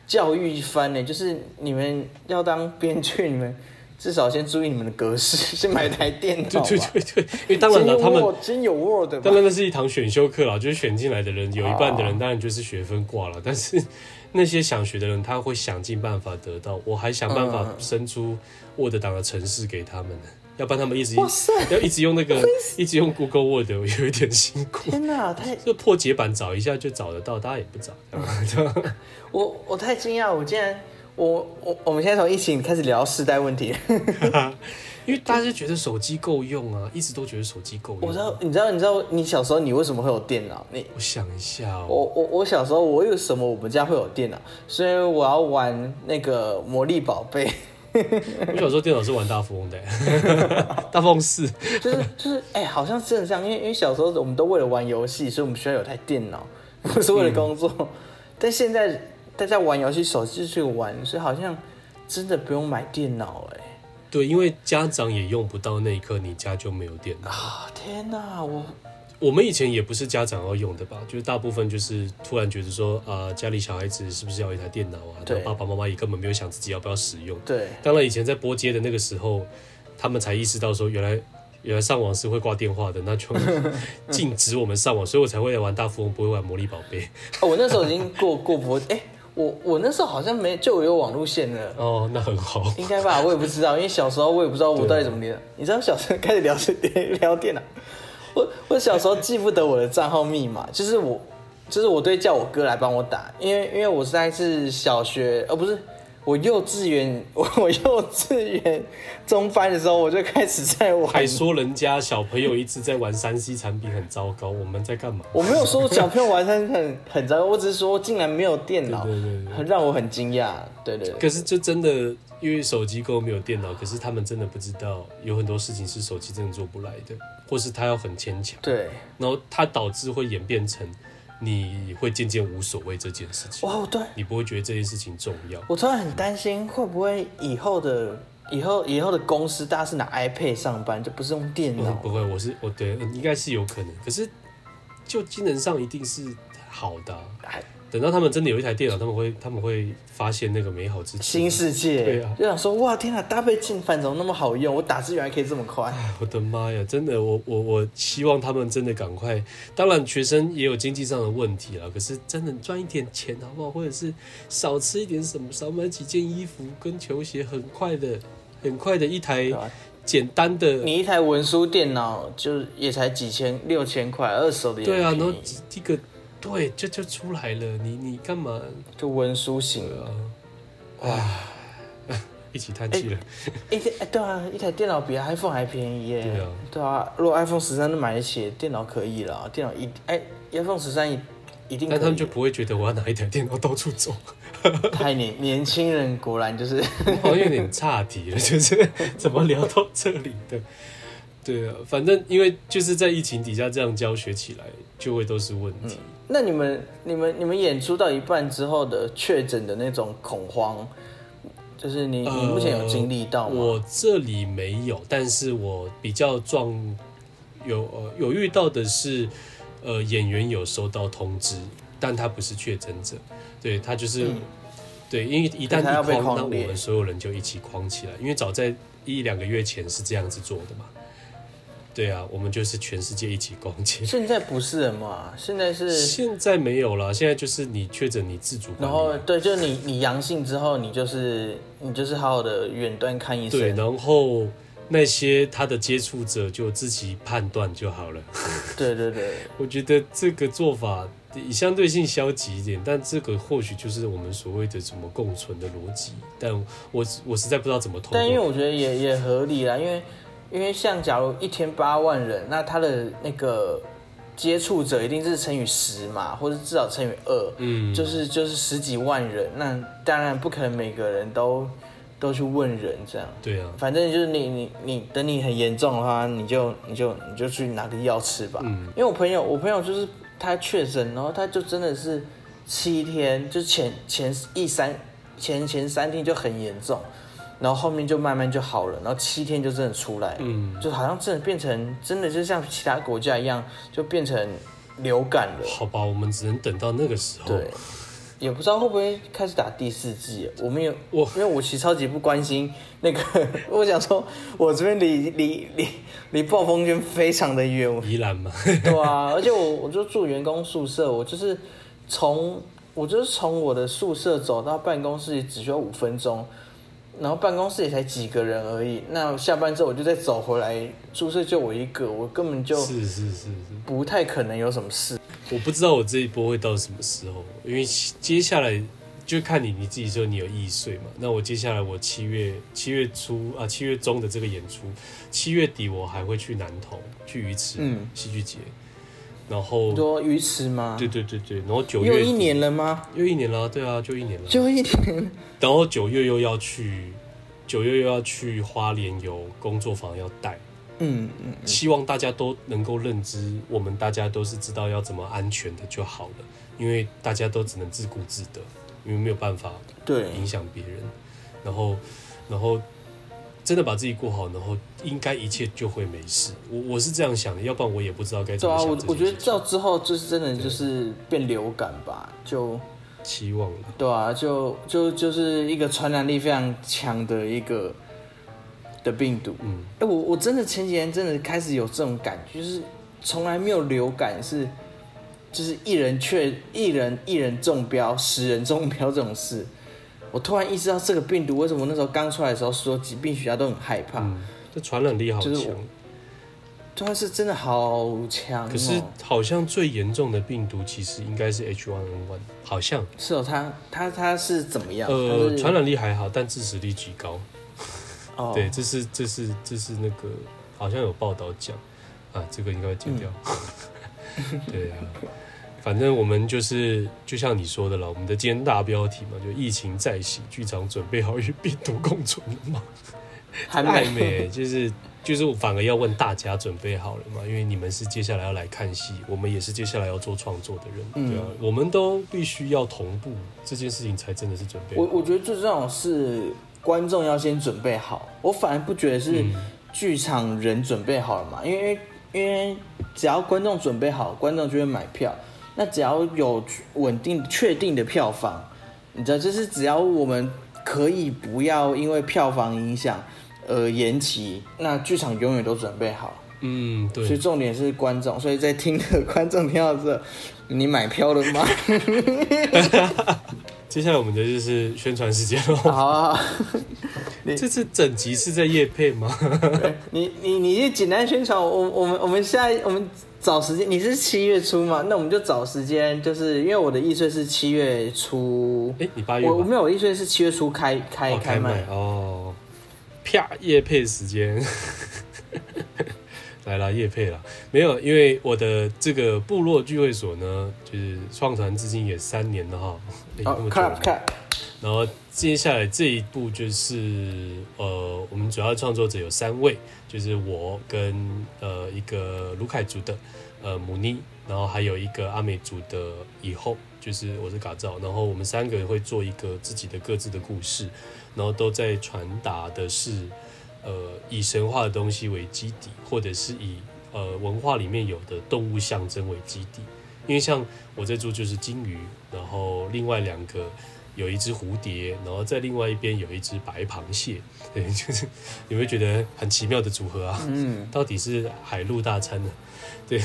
教育一番呢，就是你們要當編劇，你們至少先注意你們的格式， <laughs> 先買台電腦吧。對對對對，因為當然了、啊，Word, 他們。有 Word。當然，那是一堂選修課啦，就是選進來的人有一半的人當然就是學分掛了，oh. 但是那些想學的人，他會想盡辦法得到。我還想辦法生出 Word 檔的程式給他們呢。Uh. 要幫他們一直要一直用那個， <laughs> 一直用 Google Word 我有一點辛苦。天哪，太！就破解版找一下就找得到，大家也不找。嗯、我我太驚訝，我竟然我我我們現在從疫情開始聊世代問題， <laughs> 因為大家覺得手機夠用啊，一直都覺得手機夠用、啊。我知道，你知道，你知道，你小時候你為什麼會有電腦？你我想一下、哦，我我我小時候我有什麼？我們家會有電腦，所以我要玩那個魔力寶貝。我小時候電腦是玩大富翁的， <laughs> 大富翁四就是就是哎、就是欸，好像真的這樣，因為因為小時候我們都為了玩遊戲，所以我們需要有台電腦，不是為了工作。嗯、但現在大家玩遊戲手機去玩，所以好像真的不用買電腦了。對，因為家長也用不到那一刻，你家就沒有電腦啊、哦！天哪，我我們以前也不是家長要用的吧？就是大部分就是突然覺得說啊，家裡小孩子是不是要一台電腦啊？對，然後爸爸媽媽也根本沒有想自己要不要使用。對，當然以前在撥接的那個時候，他們才意識到說原來原來上網是會掛電話的，那就禁止我們上網， <laughs> 所以我才會玩大富翁，不會玩魔力寶貝。哦、我那時候已經過 <laughs> 過撥，過我我那時候好像沒就我有網路線的哦，那很好，應該吧，我也不知道， <laughs> 因為小時候我也不知道我到底怎麼的。你知道小時候開始聊電聊電腦、啊，我我小時候記不得我的賬號密碼，就是我就是我對叫我哥來幫我打，因為因為我大概是小學呃，哦、不是。我幼稚園，我幼稚園中班的時候，我就開始在玩。還說人家小朋友一直在玩三 C 產品很糟糕， <laughs> 我們在幹嘛？我沒有說小朋友玩三 C 產品很很糟糕，我只是說竟然沒有電腦，讓我很驚訝。對，對對。可是就真的，因為手機我沒有電腦，可是他們真的不知道有很多事情是手機真的做不來的，或是他要很牽強。對。然後它導致會演變成。你會漸漸無所謂這件事情哇，對你不會覺得這件事情重要。我突然很擔心，會不會以後的以後以後的公司，大家是拿 iPad 上班，就不是用電腦。嗯，不會，我是我對，應該是有可能。可是就技能上，一定是好的啊。等到他們真的有一台電腦，他們會他們會發現那個美好之新世界，對啊，就想說哇天哪、啊，搭配鍵盤怎麼那麼好用，我打字原來可以這麼快。哎，我的媽呀，真的，我我我希望他們真的趕快。當然，學生也有經濟上的問題啊，可是真的賺一點錢好不好，或者是少吃一點什麼，少買幾件衣服跟球鞋，很快的很快的一台簡單的。啊、你一台文書電腦就也才幾千六千塊，二手的。對啊，然後這個。對，這就，就出來了。你你幹嘛？就文書醒了，嗯。哇，一起嘆氣了。一台哎，對啊，一台電腦比 iPhone 還便宜耶。對啊，對啊，如果 iPhone 十三都買得起，電腦可以了。電腦一哎、欸、，iPhone 十三一定可以了。但他們就不會覺得我要拿一台電腦到處走。 <laughs> 太年年輕人果然就是 <laughs> 我好像有點岔題了，就是怎麼聊到這裡的？對啊，反正因為就是在疫情底下這樣教學起來，就會都是問題。嗯那你們、你們、你們演出到一半之後的確診的那種恐慌，就是你、你目前有經歷到嗎？呃，我這裡沒有，但是我比較壯，有、呃、有遇到的是，呃，演員有收到通知，但他不是確診者，對，他就是、嗯、對，因為一旦他被框，那我們所有人就一起框起來，因為早在一兩個月前是這樣子做的嘛。對啊，我們就是全世界一起攻堅。現在不是了嘛，現在是現在沒有了，現在就是你確診你自主、啊，然後對，就你你陽性之後，你就是你就是好好的遠端看醫生。對，然後那些他的接觸者就自己判斷就好了。對， <laughs> 對對對，我覺得這個做法相對性消極一點，但這個或許就是我們所謂的什麼共存的邏輯。但我我實在不知道怎麼通。但因為我覺得也也合理啦，因為。因為像假如一天八萬人，那他的那個接觸者一定是乘以十嘛，或者至少乘以二，嗯，就是就是十幾萬人，那當然不可能每個人都都去問人這樣，對啊，反正就是你你你，你等你很嚴重的話，你就你就你就去拿個藥吃吧，嗯，因為我朋友我朋友就是他確診，然後他就真的是七天就是前前一三前前三天就很嚴重。然後後面就慢慢就好了，然後七天就真的出來，嗯，就好像真的變成真的就像其他國家一樣，就變成流感了。好吧，我們只能等到那個時候。對，也不知道會不會開始打第四季。我們有我，因為我其實超級不關心那個。我想說，我這邊離離離離暴風圈非常的遠，宜蘭嘛。 <laughs> 對啊，而且我我就住員工宿舍，我就是從我就是從我的宿舍走到辦公室只需要五分鐘。然後辦公室也才幾個人而已，那下班之後我就再走回來，宿舍就我一個，我根本就不太可能有什麼事。是是是是，我不知道我這一波會到什麼時候，因為接下來就看你你自己說你有意歲嘛。那我接下來我七月七月初啊，七月中的這個演出，七月底我還會去南投去魚池嗯戲劇節。然後多魚池嗎？對對對對，然後九月又一年了嗎？又一年了，對啊，就一年了。就一年，然後九月又要去，九月又要去花蓮，有工作坊要帶，嗯嗯，希望大家都能夠認知，我們大家都是知道要怎麼安全的就好了，因為大家都只能自顧自得，因為沒有辦法對影響別人，然後，然後。真的把自己過好，然後應該一切就會沒事。我我是這樣想的，要不然我也不知道該怎麼做。對啊，我我覺得到之後就是真的就是變流感吧，就，期望了。對啊，就就就是一個傳染力非常強的一個的病毒。嗯，哎，我我真的前幾天真的開始有這種感覺，就是從來沒有流感是，就是一人卻一人一人中標，十人中標這種事。我突然意識到，這個病毒為什麼那時候剛出來的時候，所有疾病學家都很害怕、嗯？這傳染力好強，就是、突然是真的好強、哦。可是好像最嚴重的病毒其實應該是 H1N1，好像是哦。它它它是怎麼樣？呃，傳染力還好，但致死率極高。 <laughs> 對，這是這是這是那個，好像有報道講啊，這個應該會剪掉。嗯、 <laughs> <laughs> 對啊。反正我們就是就像你說的了，我們的今天大標題嘛，就疫情再襲，劇場準備好與病毒共存了嗎？很曖昧，就是就是，我反而要問大家準備好了嗎？因為你們是接下來要來看戲，我們也是接下來要做創作的人，嗯、對啊，我們都必須要同步這件事情，才真的是準備好。我我覺得就這種事，觀眾要先準備好，我反而不覺得是劇場人準備好了嘛，嗯、因為因為只要觀眾準備好，觀眾就會買票。那只要有穩定確定的票房，你知道，就是只要我們可以不要因為票房影響而延期，那劇場永遠都準備好。嗯，對。所以重點是觀眾，所以在聽的觀眾聽到這，你買票了嗎？ <laughs> <laughs> 接下來我們的就是宣傳時間嘍。好，好， <laughs> 這次整集是在業配嗎？ <laughs> 你你你簡單宣傳，我我們我們，我們下一我們。找時間，你是七月初嗎？那我們就找時間，就是因為我的易碎是七月初，哎、欸，你八月，我沒有，易碎是七月初開開哦開，開賣哦，啪，業配時間 <laughs> 來了，業配了，沒有，因為我的這個部落聚會所呢，就是創團至今也三年了哈，好、欸，看，看、oh，然後接下來這一步就是，呃，我們主要創作者有三位。就是我跟呃一個魯凱族的呃母妮，然後還有一個阿美族的以後，就是我是嘎造，然後我們三個人會做一個自己的各自的故事，然後都在傳達的是，呃以神話的東西為基底，或者是以呃文化裡面有的動物象徵為基底，因為像我這組就是金魚，然後另外兩個。有一隻蝴蝶，然後在另外一邊有一隻白螃蟹，對，就是有沒有覺得很奇妙的組合啊？嗯，到底是海陸大餐呢？啊？對，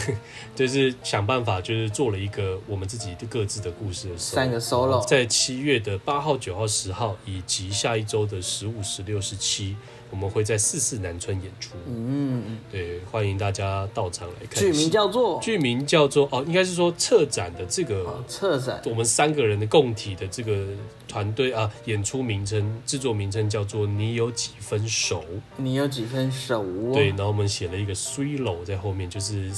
就是想辦法，就是做了一個我們自己的各自的故事的時候，三個 Solo，在七月的八號、九號、十號，以及下一周的十五、十六、十七。我們會在四四南村演出，嗯嗯，對，歡迎大家到場來看，嗯。劇名叫做劇名叫做哦，應該是說策展的這個，哦、策展，我們三個人的共體的這個團隊啊，演出名稱，製作名稱叫做“你有幾分熟”，你有幾分熟，哦。對，然後我們寫了一個 solo 在後面，就是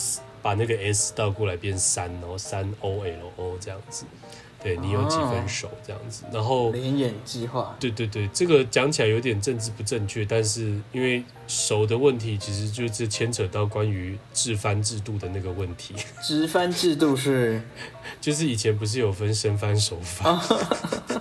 把那個 s 倒過來變三，然後三 o l o 這樣子。對，你有幾分熟、哦、這樣子，然後聯演計畫。對對對，這個講起來有點政治不正確，但是因為熟的問題，其實就是牽扯到關於制番制度的那個問題。制番制度是， <laughs> 就是以前不是有分生番、熟、哦、番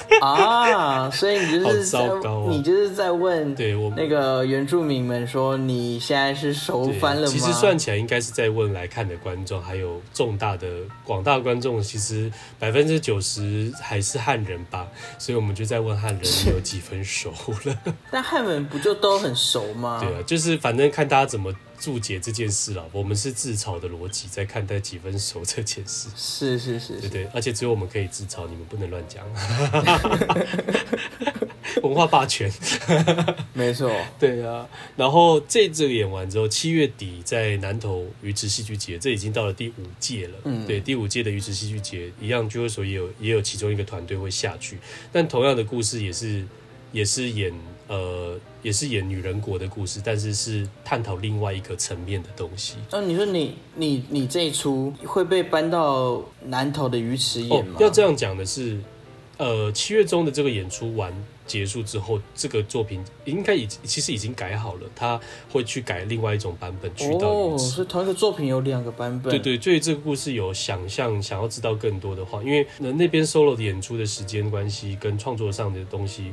<laughs> <laughs> 啊，所以你就是在好糟糕、啊、你就是在問，對我那個原住民們說，你現在是熟番了嗎、 <laughs> 啊？其實算起來，應該是在問來看的觀眾，還有重大的廣大的觀眾，其實百分之九十還是漢人吧，所以我們就在問漢人你有幾分熟了。 <laughs> <laughs> 但漢人不就都很熟嗎？ <laughs> 對啊，就是反正看大家怎麼。註解這件事了，我們是自嘲的邏輯在看待幾分熟這件事。是是是，是，對，對對，而且只有我們可以自嘲，你們不能亂講。 <laughs> 文化霸權， <laughs> 沒錯錯， <laughs> 對啊。然後這次演完之後，七月底在南投魚池戲劇節，這已經到了第五屆了。嗯、對，第五屆的魚池戲劇節，一樣就會說也有也有其中一個團隊會下去，但同樣的故事也是也是演。呃，也是演女人國的故事，但是是探討另外一個層面的東西。那、啊、你說你，你你你這一齣會被搬到南投的魚池演嗎？哦、要這樣講的是，呃，七月中的這個演出完結束之後，這個作品應該已經其實已經改好了，他會去改另外一種版本。去到哦，所以同一個作品有兩個版本。對對，所以這個故事有想象，想要知道更多的話，因為那邊 solo 的演出的時間關係跟創作上的東西。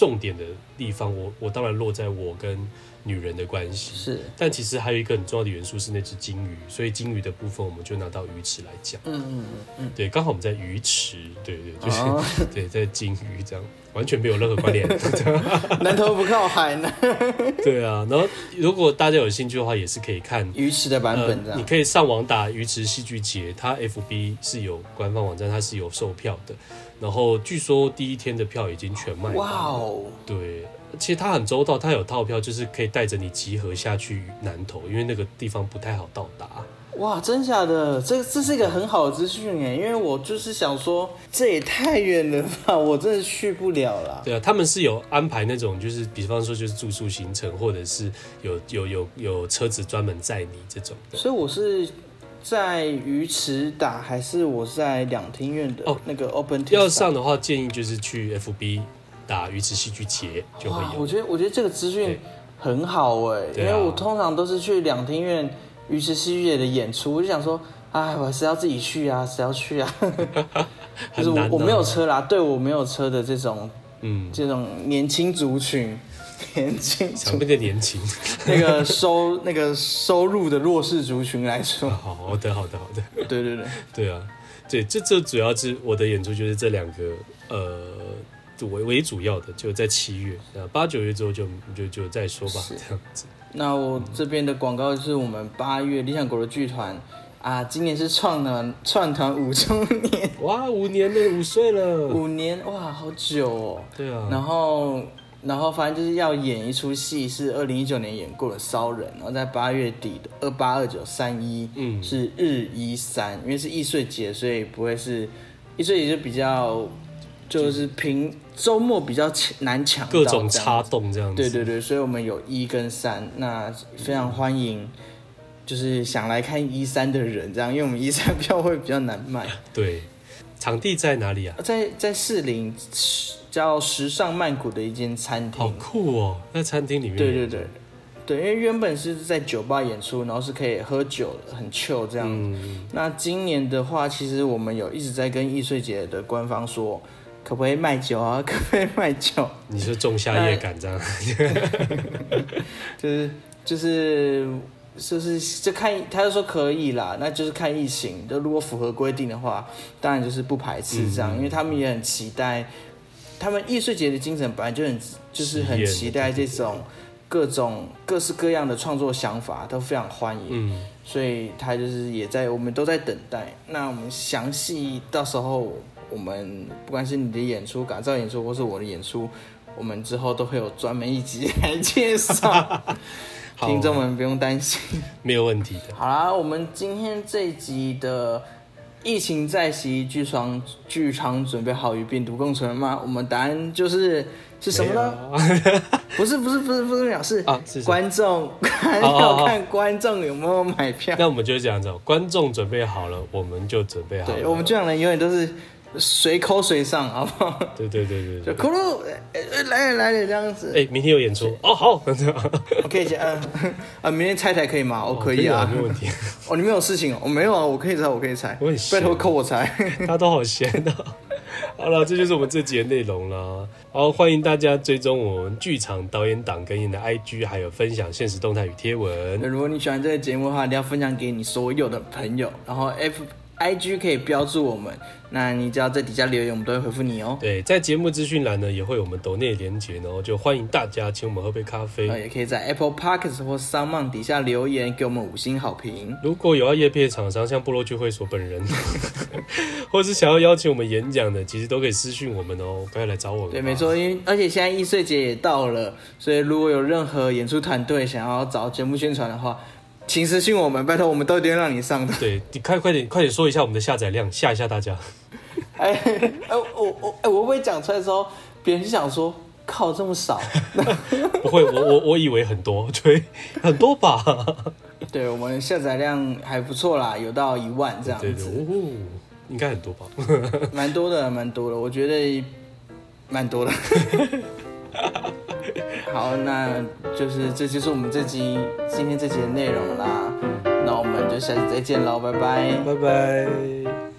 重點的地方，我我當然落在我跟女人的關係，是，但其實還有一個很重要的元素是那隻金魚，所以金魚的部分我們就拿到魚池來講，嗯嗯嗯對，剛好我們在魚池，對對，對，就是，哦，對在金魚這樣，完全沒有任何關聯，南 <laughs> 投不靠海呢， <laughs> 對啊，然後如果大家有興趣的話，也是可以看魚池的版本，呃，你可以上網打魚池戲劇節，它 FB 是有官方網站，它是有售票的。然後據說第一天的票已經全賣光，wow，對，其實他很周到，他有套票，就是可以帶着你集合下去南投，因為那個地方不太好到達。哇，wow，真假的，這這是一個很好的資訊耶，因為我就是想說，這也太遠了吧，我真的去不了了。對啊，他們是有安排那種，就是比方說就是住宿行程，或者是有有有有車子專門載你這種的。所以我是。在魚池打還是我在兩廳院的哦？那個 open、哦、要上的話，建議就是去 FB 打魚池戲劇節，就會有。我覺得，我覺得這個資訊很好哎，因為我通常都是去兩廳院魚池戲劇節的演出，我就想說，哎，我還是要自己去啊，誰要去啊？就 <laughs> 是 <laughs> 我我沒有車啦，對我沒有車的這種，嗯，這種年輕族群。年輕，想變得年輕，那個收那個收入的弱勢族群來說，好的，好的，好的，對對對，對啊，對，這這主要是我的演出就是這兩個呃為為主要的，就在七月，八九月之後就就就再說吧，這樣子，子。那我這邊的廣告是我們八月理想國的劇團啊，今年是創團創團五周年，哇，五年了，五歲了，五年，哇，好久哦，喔，對啊，然後。然後反正就是要演一齣戲，是二零一九年演過的《騷人》，然後在八月底的二八二九三一，嗯，是日一三，因為是藝穗節，所以不會是藝穗節就比較就是平周末比較難搶，各種插動這樣。對對對，所以我們有一跟三，那非常歡迎，就是想來看一三的人這樣，因為我們一三票會比較難賣。對，對，對，對，場地在哪裡啊？在在四零。叫時尚曼谷的一間餐廳，好酷哦、喔！在餐廳裡面，對對對，對，因為原本是在酒吧演出，然後是可以喝酒的，很 chill 這樣、嗯。那今年的話，其實我們有一直在跟藝穗節的官方說，可不可以賣酒啊？可不可以賣酒？你是仲夏夜感這樣？呃、 <laughs> <laughs> 就是就是就是就看，他就說可以啦，那就是看疫情，就如果符合規定的話，當然就是不排斥這樣，嗯、因為他們也很期待。他們藝術節的精神本來就很，就是很期待這種各種各式各樣的創作想法都非常歡迎，嗯、所以他就是也在我們都在等待。那我們詳細到時候我們不管是你的演出、改造演出，或是我的演出，我們之後都會有專門一集來介紹。 <laughs> 聽眾們不用擔心，沒有問題的。好啦，我們今天這一集的。疫情再襲，劇場劇場準備好與病毒共存了嗎？我們答案就是是什麼呢？ <laughs> 不是不是不是不是表示啊，是觀眾，要看觀眾有沒有買票。哦哦哦那我們就是這樣子，哦，觀眾準備好了，我們就準備好了。對，我們這樣的人永遠都是。誰摳誰上，好不好？對對對對就，就扣路，來來來，這樣子。哎、欸，明天有演出哦，oh, 好，這 <laughs> 樣 OK，姐，啊啊，明天拆台可以嗎？我可以啊，沒問題。哦、oh,，你沒有事情哦，oh, 沒有啊，我可以拆，我可以拆。我也。閒，拜托扣我拆，大家都好閒的、啊。好了，這就是我們這集的內容了。好，歡迎大家追蹤我們劇場導演擋根菸的 IG，還有分享現實動態與貼文。那如果你喜歡這個節目的話，你要分享給你所有的朋友，然後 F。IG 可以標注我們，那你只要在底下留言，我們都會回復你哦。對，在節目資訊欄呢也會有我們抖內連結，哦，然後就歡迎大家請我們喝杯咖啡。也可以在 Apple Podcast 或 SoundOn 底下留言，給我們五星好評。如果有要業配的廠商，像部落劇會所本人， <laughs> <laughs> 或是想要邀請我們演講的，其實都可以私訊我們哦，趕快來找我的。對，沒錯，因為而且現在藝穗節也到了，所以如果有任何演出團隊想要找節目宣傳的話。請私訊我們，拜託，我們都一定讓你上的。對，你快快點，快點說一下我們的下載量，嚇一下大家。哎、欸、哎，我我哎，我，我，我會不會講出來之後別人想說，靠，這麼少？ <laughs> <laughs> 不會，我我我以為很多，對，很多吧。對，我們的下載量還不錯啦，有到一萬這樣子。對對對哦，應該很多吧？蠻 <laughs> 多的，蠻多的，我覺得蠻多的。 <laughs> <laughs> <laughs> 好，那就是這就是我們這集今天這集的內容啦，那我們就下期再見嘍，拜拜，拜拜。